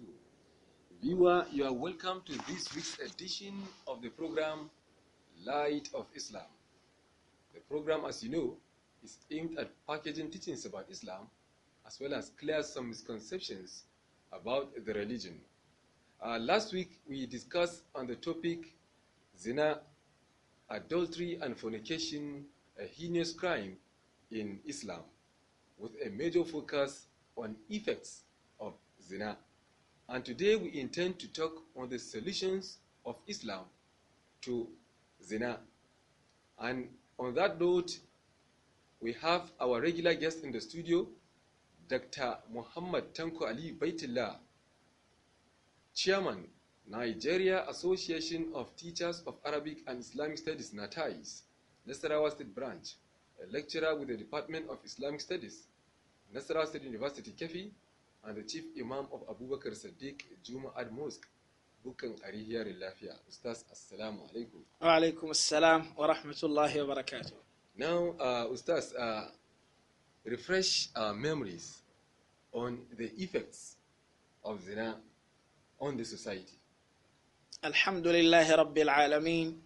you. Viewer, you are welcome to this week's edition of the program Light of Islam. The program, as you know, is aimed at packaging teachings about Islam as well as clear some misconceptions about the religion. Uh, last week, we discussed on the topic zina, adultery, and fornication, a heinous crime in Islam, with a major focus on effects of zina and today we intend to talk on the solutions of Islam to zina. And on that note, we have our regular guest in the studio, Dr. Muhammad Tanko Ali Baitullah, Chairman, Nigeria Association of Teachers of Arabic and Islamic Studies, NATAIS, Nasarawa State Branch, a lecturer with the Department of Islamic Studies, Nasarawa State University, Kefi, and the Chief Imam of Abu Bakr Siddiq Juma'ad Mosque, Bukan Arihiyar Lafiya. Ustaz, Assalamu alaikum. Wa alaikum assalam wa rahmatullahi wa barakatuh. Now, uh, Ustaz, uh, refresh our memories on the effects of zina on the society. Alhamdulillah, لله رب العالمين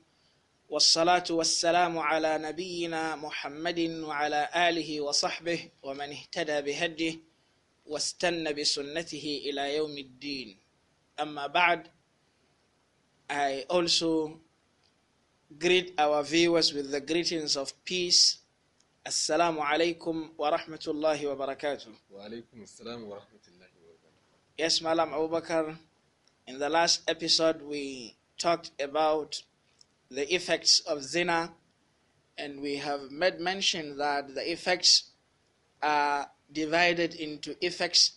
والصلاة والسلام على نبينا محمد وعلى آله وصحبه ومن اهتدى بهديه واستنى بسنته إلى يوم الدين أما بعد I also greet our viewers with the greetings of peace Assalamu alaikum wa rahmatullahi wa barakatuh. Yes, Malam Abu Bakr, in the last episode we talked about the effects of zina and we have made mention that the effects are divided into effects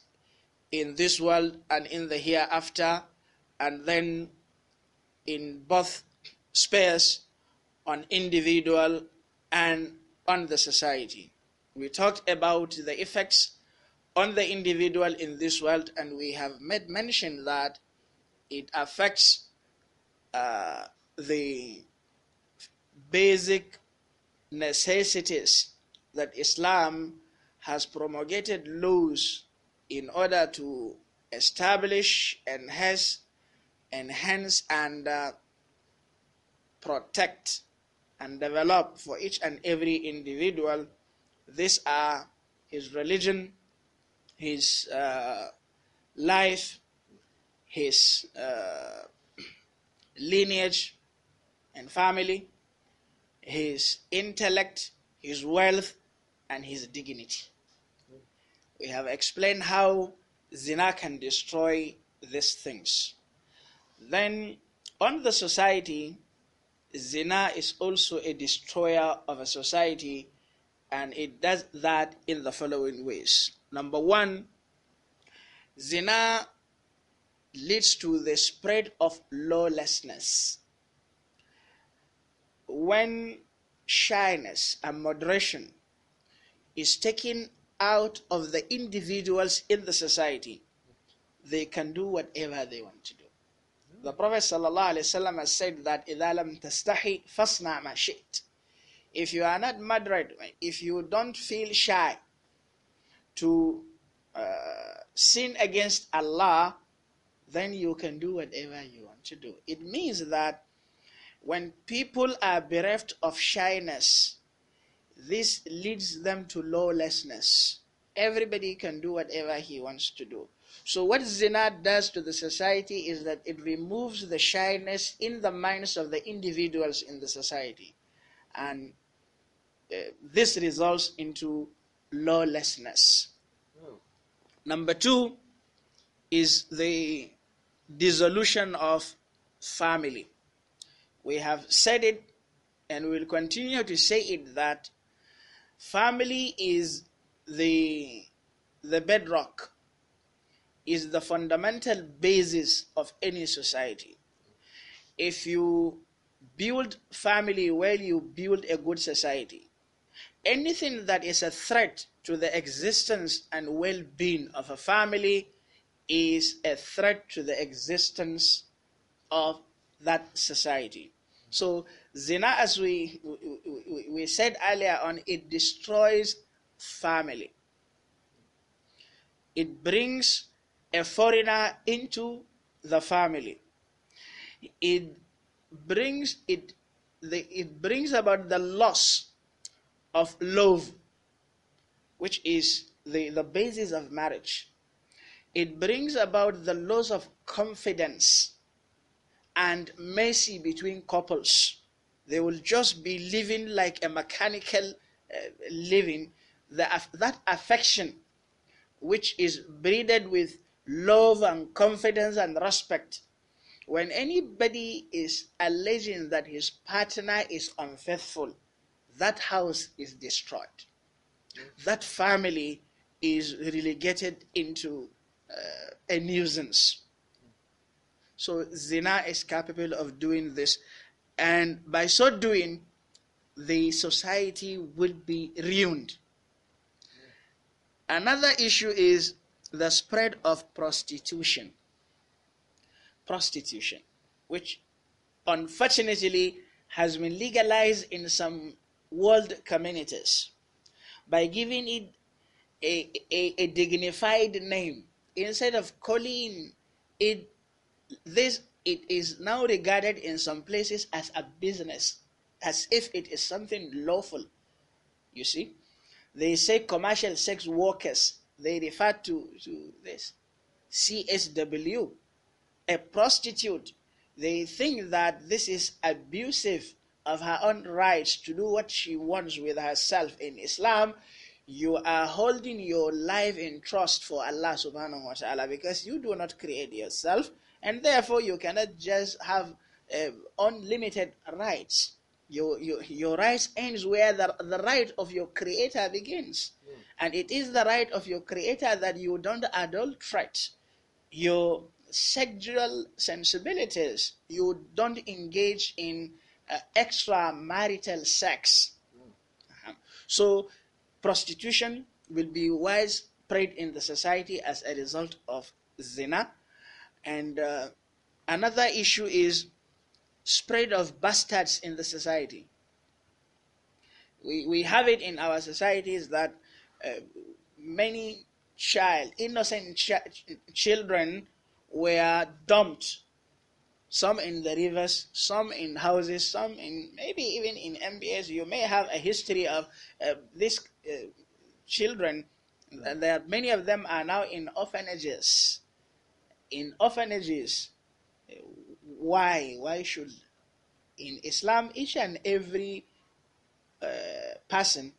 in this world and in the hereafter, and then in both spheres on individual and on the society. We talked about the effects on the individual in this world, and we have made mention that it affects uh, the basic necessities that Islam has promulgated laws in order to establish, enhance, enhance and uh, protect and develop for each and every individual. These are his religion, his uh, life, his uh, lineage and family, his intellect, his wealth, and his dignity we have explained how zina can destroy these things. Then, on the society, zina is also a destroyer of a society, and it does that in the following ways. Number one, zina leads to the spread of lawlessness. When shyness and moderation is taken out of the individuals in the society, they can do whatever they want to do. The Prophet ﷺ has said that إِذَا لَمْ تَسْتَحِي فَاصْنَعْ مَا شئت. If you are not moderate, if you don't feel shy to uh, sin against Allah, then you can do whatever you want to do. It means that when people are bereft of shyness, this leads them to lawlessness. Everybody can do whatever he wants to do. So, what zina does to the society is that it removes the shyness in the minds of the individuals in the society. And uh, this results into lawlessness. Oh. Number two is the dissolution of family. We have said it and we will continue to say it that Family is the, the bedrock, is the fundamental basis of any society. If you build family well, you build a good society. Anything that is a threat to the existence and well being of a family is a threat to the existence of that society. So Zina, as we, we, we said earlier on, it destroys family. It brings a foreigner into the family. It brings it the, it brings about the loss of love, which is the, the basis of marriage. It brings about the loss of confidence and mercy between couples. They will just be living like a mechanical uh, living. The, that affection, which is breeded with love and confidence and respect, when anybody is alleging that his partner is unfaithful, that house is destroyed. That family is relegated into uh, a nuisance. So zina is capable of doing this. And by so doing, the society will be ruined. Another issue is the spread of prostitution. Prostitution, which unfortunately has been legalized in some world communities by giving it a, a, a dignified name instead of calling it this it is now regarded in some places as a business, as if it is something lawful. You see? They say commercial sex workers, they refer to, to this. CSW, a prostitute, they think that this is abusive of her own rights to do what she wants with herself in Islam, you are holding your life in trust for Allah subhanahu wa ta'ala because you do not create yourself. And therefore, you cannot just have uh, unlimited rights. Your, your, your rights ends where the, the right of your creator begins. Mm. And it is the right of your creator that you don't adulterate your sexual sensibilities. You don't engage in uh, extramarital sex. Mm. So, prostitution will be widespread in the society as a result of zina and uh, another issue is spread of bastards in the society. We, we have it in our societies that uh, many child, innocent ch children were dumped. Some in the rivers, some in houses, some in maybe even in MBS. You may have a history of uh, these uh, children. There, many of them are now in orphanages in orphanages. Why? Why should? In Islam, each and every uh, person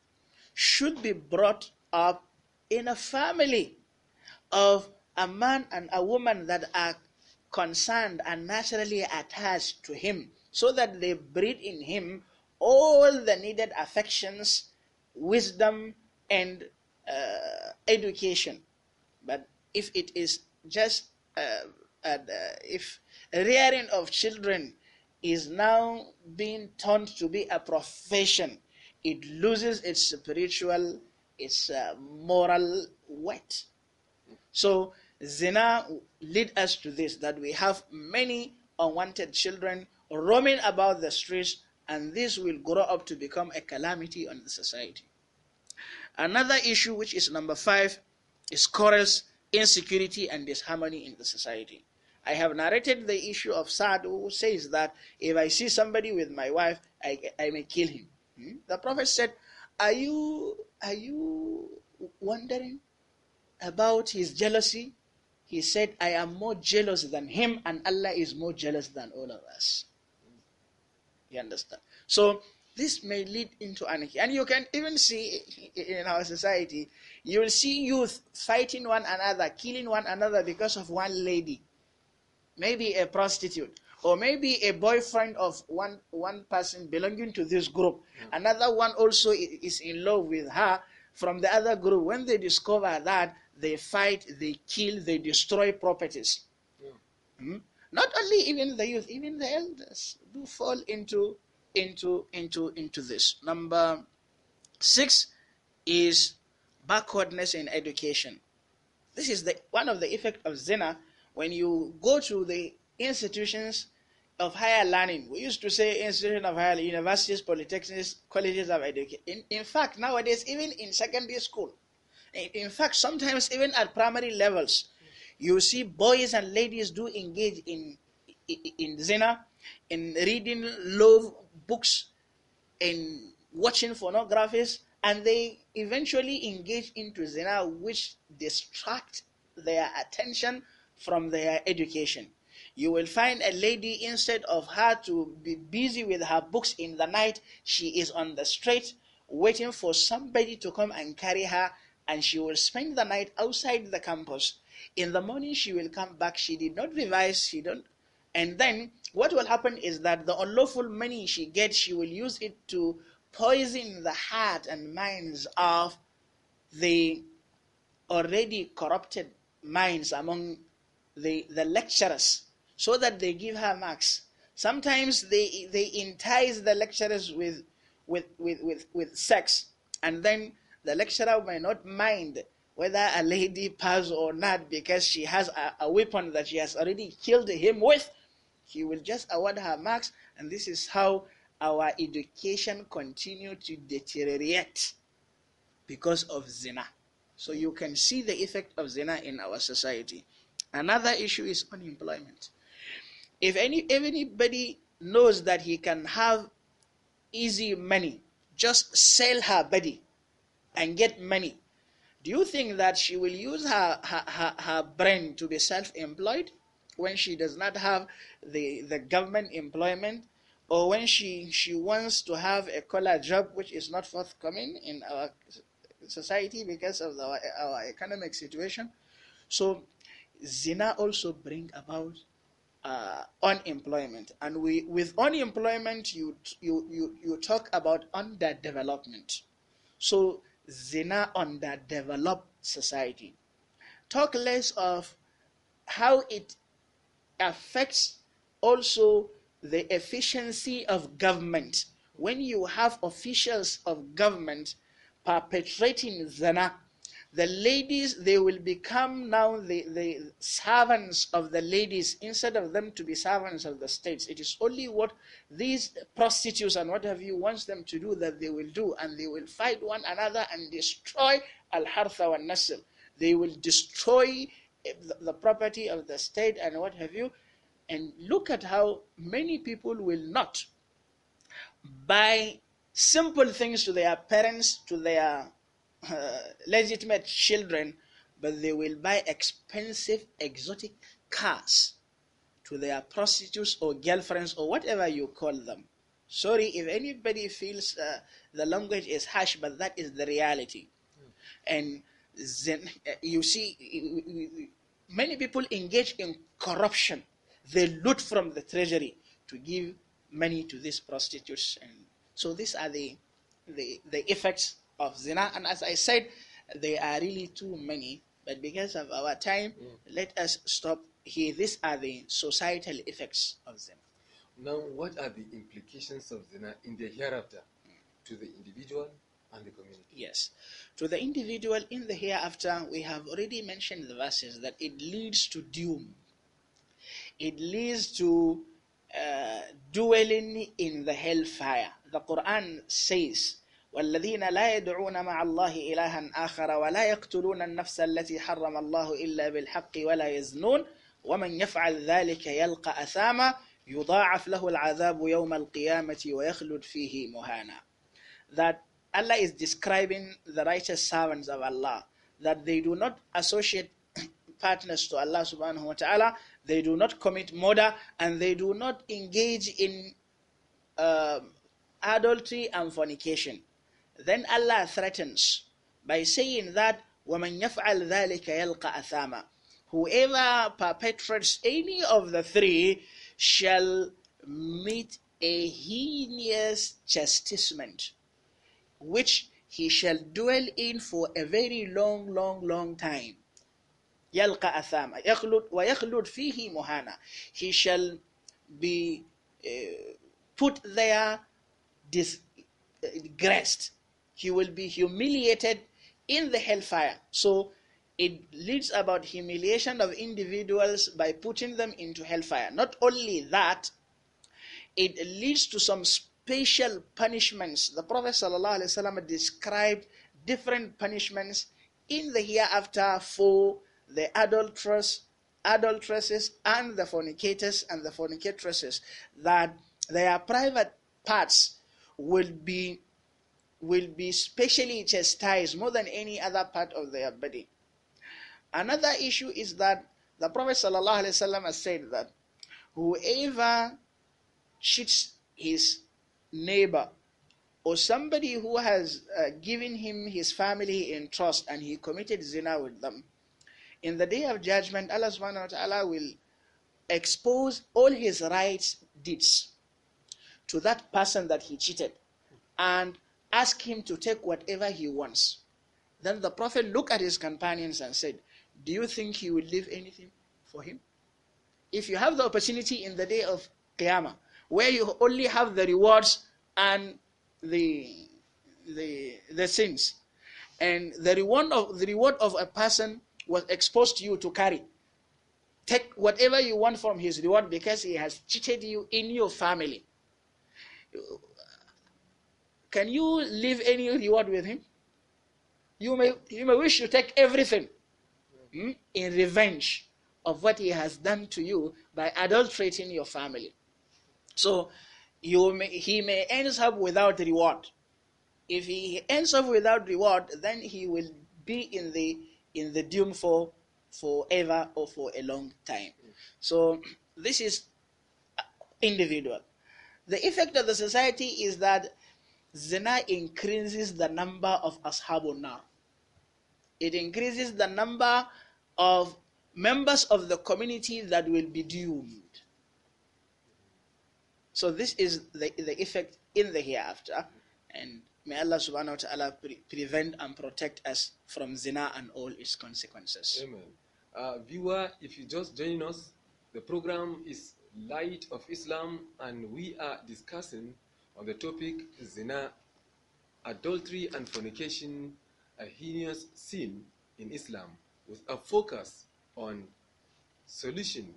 should be brought up in a family of a man and a woman that are concerned and naturally attached to him so that they breed in him all the needed affections, wisdom, and uh, education. But if it is just uh, uh, if rearing of children is now being turned to be a profession, it loses its spiritual, its uh, moral weight. So zina lead us to this that we have many unwanted children roaming about the streets and this will grow up to become a calamity on the society another issue which is number 5 is quarrels insecurity and disharmony in the society. I have narrated the issue of Saad who says that if I see somebody with my wife, I, I may kill him. Hmm? The Prophet said, are you, are you wondering about his jealousy? He said, I am more jealous than him and Allah is more jealous than all of us. You understand? So this may lead into anarchy. And you can even see in our society, you will see youth fighting one another, killing one another because of one lady, maybe a prostitute, or maybe a boyfriend of one, one person belonging to this group. Another one also is in love with her from the other group. When they discover that, they fight, they kill, they destroy properties. Yeah. Hmm? Not only even the youth, even the elders do fall into into into into this number six is backwardness in education this is the one of the effect of zina when you go to the institutions of higher learning we used to say institution of higher universities polytechnics colleges of education in, in fact nowadays even in secondary school in fact sometimes even at primary levels you see boys and ladies do engage in in, in zina in reading love books and watching pornographies and they eventually engage into zina which distract their attention from their education you will find a lady instead of her to be busy with her books in the night she is on the street waiting for somebody to come and carry her and she will spend the night outside the campus in the morning she will come back she did not revise she don't and then what will happen is that the unlawful money she gets, she will use it to poison the heart and minds of the already corrupted minds among the, the lecturers so that they give her marks. Sometimes they, they entice the lecturers with, with, with, with, with sex, and then the lecturer may not mind whether a lady passes or not because she has a, a weapon that she has already killed him with he will just award her marks, and this is how our education continue to deteriorate because of zina. So you can see the effect of zina in our society. Another issue is unemployment. If any if anybody knows that he can have easy money, just sell her body and get money. Do you think that she will use her her, her, her brain to be self-employed? when she does not have the, the government employment or when she, she wants to have a collar job which is not forthcoming in our society because of the, our economic situation. So zina also bring about uh, unemployment and we with unemployment you you you, you talk about underdevelopment so zina underdeveloped society talk less of how it affects also the efficiency of government. When you have officials of government perpetrating zina, the ladies they will become now the, the servants of the ladies instead of them to be servants of the states it is only what these prostitutes and what have you wants them to do that they will do and they will fight one another and destroy al hartha wa nasr they will destroy the property of the state and what have you. And look at how many people will not buy simple things to their parents, to their uh, legitimate children, but they will buy expensive, exotic cars to their prostitutes or girlfriends or whatever you call them. Sorry if anybody feels uh, the language is harsh, but that is the reality. Mm. And then eh, you see many people engage in corruption. They loot from the treasury to give money to these prostitutes. And so these are the, the, the effects of zina. And as I said, they are really too many. But because of our time, mm. let us stop here. These are the societal effects of zina. Now, what are the implications of zina in the hereafter mm. to the individual, and the community. Yes. To the individual in the hereafter, we have already mentioned the verses that it leads to doom. It leads to uh, dwelling in the hellfire. The Quran says, والذين لا يدعون مع الله إلها آخر ولا يقتلون النفس التي حرم الله إلا بالحق ولا يزنون ومن يفعل ذلك يلقى أثاما يضاعف له العذاب يوم القيامة ويخلد فيه مهانا. That Allah is describing the righteous servants of Allah that they do not associate partners to Allah subhanahu wa ta'ala, they do not commit murder, and they do not engage in uh, adultery and fornication. Then Allah threatens by saying that وَمَنْ يَفْعَلْ ذَلِكَ يَلْقَ أَثَامًا Whoever perpetrates any of the three shall meet a heinous chastisement which he shall dwell in for a very long, long, long time. يلقى أثاما يخلد ويخلد فيه مهانا he shall be uh, put there disgraced he will be humiliated in the hellfire so it leads about humiliation of individuals by putting them into hellfire not only that it leads to some special punishments. The Prophet ﷺ described different punishments in the hereafter for the adulterers, adulteresses, and the fornicators and the fornicatresses, that their private parts will be will be specially chastised more than any other part of their body. Another issue is that the Prophet ﷺ said that whoever cheats his neighbor or somebody who has uh, given him his family in trust and he committed zina with them, in the day of judgment, Allah subhanahu wa ta'ala will expose all his rights deeds to that person that he cheated and ask him to take whatever he wants. Then the Prophet looked at his companions and said, Do you think he will leave anything for him? If you have the opportunity in the day of Qiyamah where you only have the rewards and the the the sins and the reward of the reward of a person was exposed to you to carry take whatever you want from his reward because he has cheated you in your family can you leave any reward with him you may you may wish to take everything hmm, in revenge of what he has done to you by adulterating your family so you may, he may ends up without reward. If he ends up without reward, then he will be in the in the doom for forever or for a long time. So this is individual. The effect of the society is that zina increases the number of ashabun nar. It increases the number of members of the community that will be doomed. So this is the, the effect in the hereafter. And may Allah subhanahu wa ta'ala pre prevent and protect us from zina and all its consequences. Amen. Uh, viewer, if you just join us, the program is Light of Islam and we are discussing on the topic zina, adultery and fornication, a heinous sin in Islam with a focus on solution,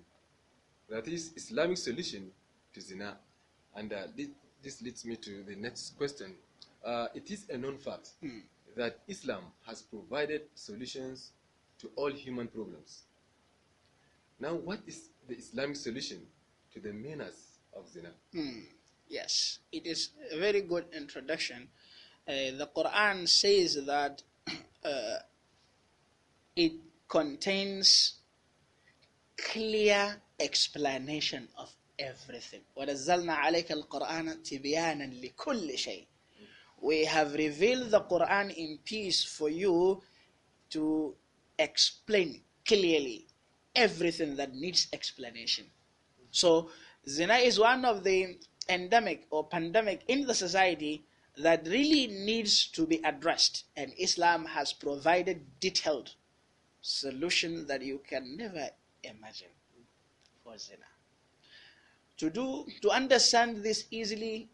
that is Islamic solution to zina. And uh, this, this, leads me to the next question. Uh, it is a known fact mm. that Islam has provided solutions to all human problems. Now, what is the Islamic solution to the menace of zina? Mm. Yes, it is a very good introduction. Uh, the Quran says that uh, it contains clear explanation of everything. وَنَزَّلْنَا عَلَيْكَ الْقُرْآنَ تِبْيَانًا لِكُلِّ شَيْءٍ We have revealed the Quran in peace for you to explain clearly everything that needs explanation. So, zina is one of the endemic or pandemic in the society that really needs to be addressed, and Islam has provided detailed solution that you can never imagine for zina. To do to understand this easily,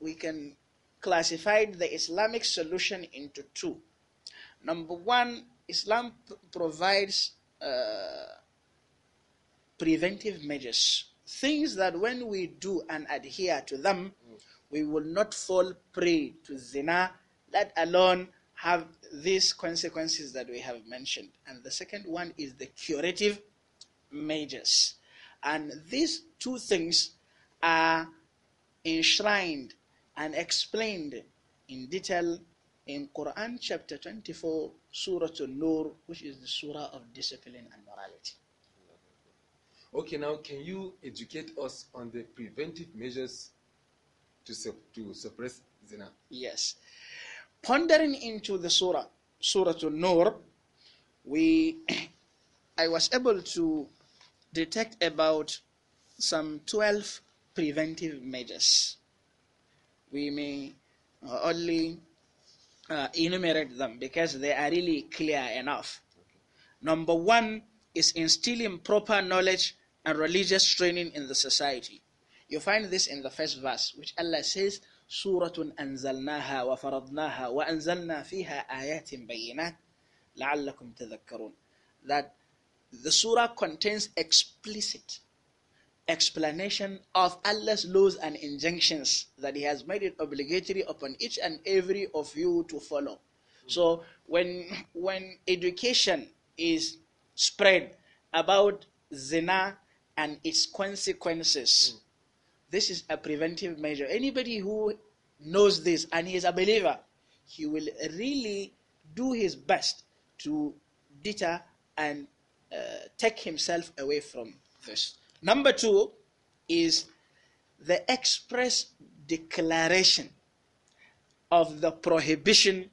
we can classify the Islamic solution into two. Number one, Islam provides uh, preventive measures, things that when we do and adhere to them, we will not fall prey to zina. let alone have these consequences that we have mentioned. And the second one is the curative measures. And these two things are enshrined and explained in detail in Quran chapter 24, Surah An-Nur, which is the Surah of Discipline and Morality. Okay, now can you educate us on the preventive measures to, su to suppress zina? Yes. Pondering into the Surah, Surah An-Nur, we, I was able to Detect about some 12 preventive measures. We may uh, only uh, enumerate them because they are really clear enough. Number one is instilling proper knowledge and religious training in the society. You find this in the first verse, which Allah says, سورة أنزلناها wa وأنزلنا فيها آيات بينات لعلكم تذكرون. That the surah contains explicit explanation of Allah's laws and injunctions that He has made it obligatory upon each and every of you to follow. So when when education is spread about zina and its consequences, mm. this is a preventive measure. Anybody who knows this and he is a believer, he will really do his best to deter and uh, take himself away from this. Number two is the express declaration of the prohibition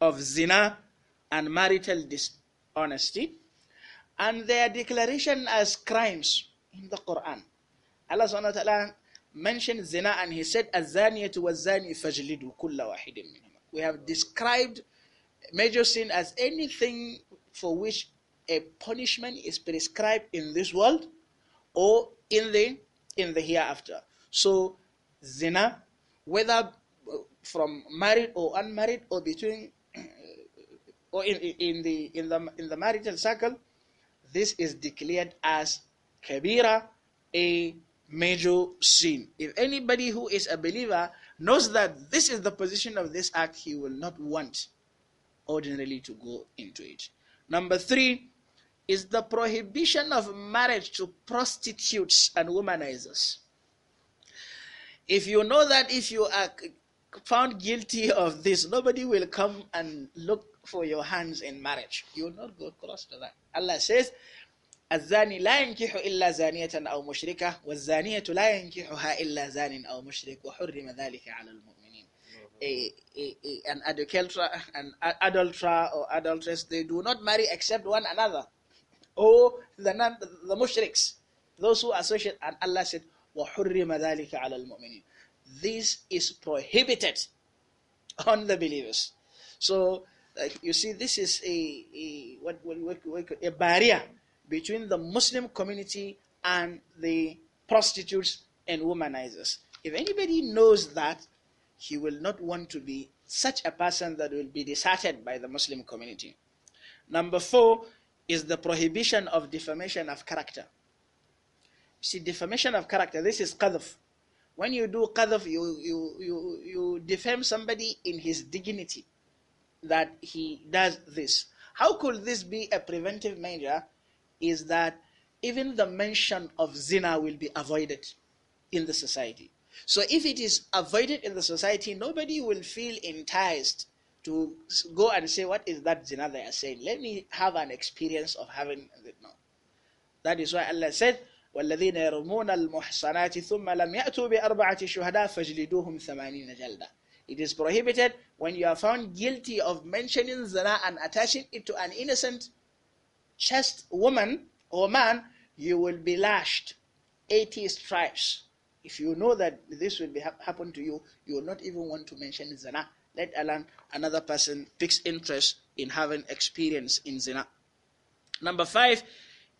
of zina and marital dishonesty and their declaration as crimes in the Quran. Allah subhanahu wa ta'ala mentioned zina and he said azaniyatu wazani fajlidu kulla wahidin We have described major sin as anything for which a punishment is prescribed in this world or in the in the hereafter. So zina, whether uh, from married or unmarried or between uh, or in, in the in the in the marital circle, this is declared as kabira, a major sin. If anybody who is a believer knows that this is the position of this act, he will not want ordinarily to go into it. Number three, is the prohibition of marriage to prostitutes and womanizers. If you know that if you are found guilty of this, nobody will come and look for your hands in marriage. You will not go close to that. Allah says, الزاني لا ينكح إلا زانية أو مشركة والزانية لا ينكحها إلا زان أو مشرك وحرم ذلك على المؤمنين a, a, a, an adulterer, adulterer or adulteress, they do not marry except one another or oh, the, non, the, mushriks, those who associate. And Allah said, وَحُرِّمَ ذَلِكَ عَلَى الْمُؤْمِنِينَ This is prohibited on the believers. So like, you see, this is a, a, what, what, what, a barrier between the Muslim community and the prostitutes and womanizers. If anybody knows that, he will not want to be such a person that will be deserted by the Muslim community. Number four, is the prohibition of defamation of character. See, defamation of character, this is qadhf. When you do qadhf, you, you, you, you defame somebody in his dignity that he does this. How could this be a preventive measure? Is that even the mention of zina will be avoided in the society. So if it is avoided in the society, nobody will feel enticed to go and say, What is that zina they are saying? Let me have an experience of having it. No. That is why Allah said, والذين يرمون المحصنات ثم لم يأتوا بأربعة شهداء فاجلدوهم ثمانين جلدة It is prohibited when you are found guilty of mentioning zina and attaching it to an innocent just woman or man, you will be lashed 80 stripes. If you know that this will be ha happen to you, you will not even want to mention zina let alone another person takes interest in having experience in zina. Number five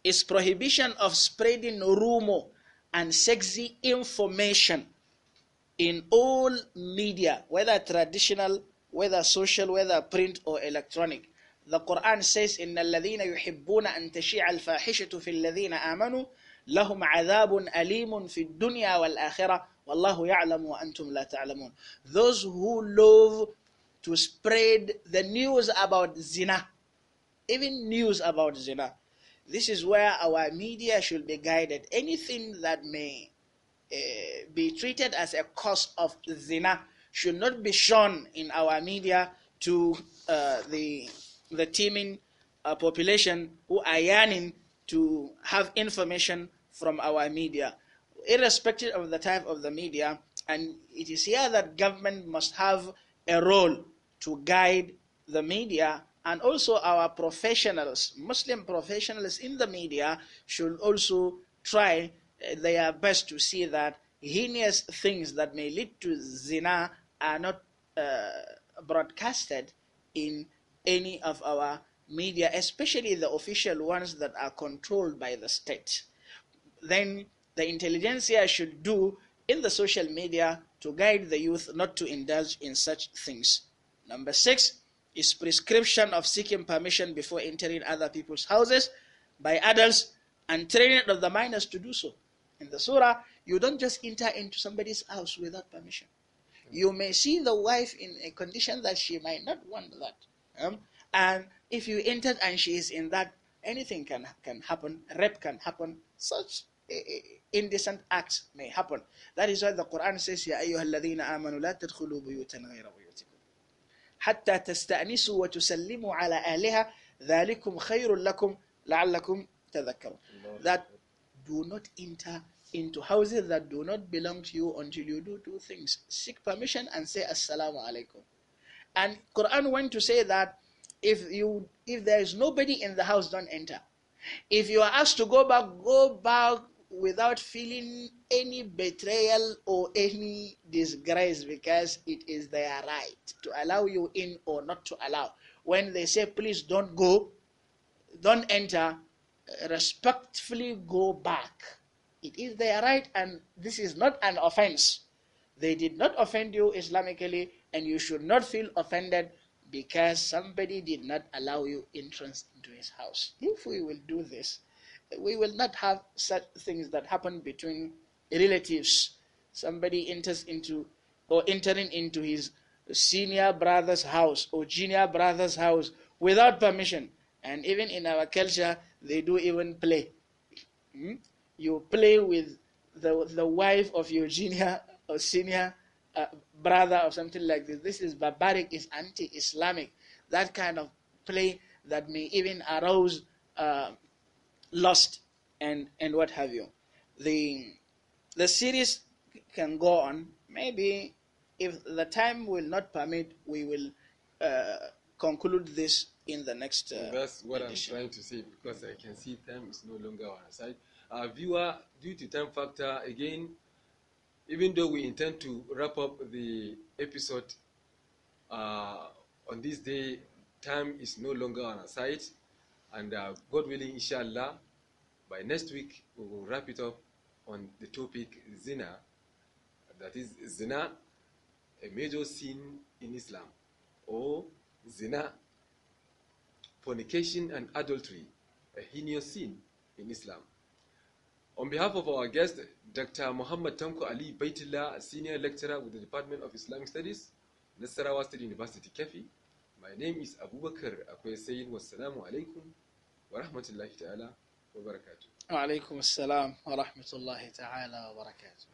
is prohibition of spreading rumor and sexy information in all media, whether traditional, whether social, whether print or electronic. The Quran says, إن الذين يحبون أن تشيع الفاحشة في الذين آمنوا لهم عذاب أليم في الدنيا والآخرة Wallahu ya'lamu wa antum la ta'lamun. Those who love to spread the news about zina, even news about zina. This is where our media should be guided. Anything that may uh, be treated as a cause of zina should not be shown in our media to uh, the the teeming uh, population who are yearning to have information from our media irrespective of the type of the media. And it is here that government must have a role to guide the media and also our professionals, Muslim professionals in the media should also try uh, their best to see that heinous things that may lead to zina are not uh, broadcasted in any of our media, especially the official ones that are controlled by the state. Then the intelligentsia should do in the social media to guide the youth not to indulge in such things. Number six is prescription of seeking permission before entering other people's houses by adults and training of the minors to do so. In the surah, you don't just enter into somebody's house without permission. You may see the wife in a condition that she might not want that. Um, and if you entered and she is in that, anything can, can happen, rape can happen, such indecent acts may happen. That is why the Quran says, يَا أَيُّهَا الَّذِينَ آمَنُوا لَا تَدْخُلُوا بُيُوتًا غَيْرَ بُيُوتِكُمْ حتى تستأنسوا وتسلموا على أهلها ذلكم خير لكم لعلكم تذكرون that do not enter into houses that do not belong to you until you do two things seek permission and say assalamu alaikum and quran went to say that if you if there is nobody in the house don't enter if you are asked to go back go back without feeling any betrayal or any disgrace because it is their right to allow you in or not to allow. When they say, please don't go, don't enter, respectfully go back. It is their right, and this is not an offense. They did not offend you Islamically, and you should not feel offended because somebody did not allow you entrance into his house. If we will do this, we will not have such things that happen between relatives. Somebody enters into or entering into his senior brother's house or junior brother's house without permission. And even in our culture, they do even play. Hmm? You play with the, the wife of your junior or senior uh, brother or something like this. This is barbaric, it's anti Islamic. That kind of play that may even arouse uh, lust and and what have you the the series can go on maybe if the time will not permit we will uh, conclude this in the next uh, that's what edition. i'm trying to say because i can see time is no longer on our side our viewer due to time factor again even though we intend to wrap up the episode uh, on this day time is no longer on our side and uh, God willing, inshallah, by next week, we will wrap it up on the topic zina. That is zina, a major sin in Islam, or zina, fornication and adultery, a heinous sin in Islam. On behalf of our guest, Dr. Muhammad Tanko Ali Baitullah, Senior Lecturer with the Department of Islamic Studies, Nasarawa State University, Kefi, my name is abubakar akwai sayin wassalamu alaikum wa rahmatullahi ta'ala wa barakatu. wa alaikum assalam wa rahmatullahi ta'ala wa barakatu.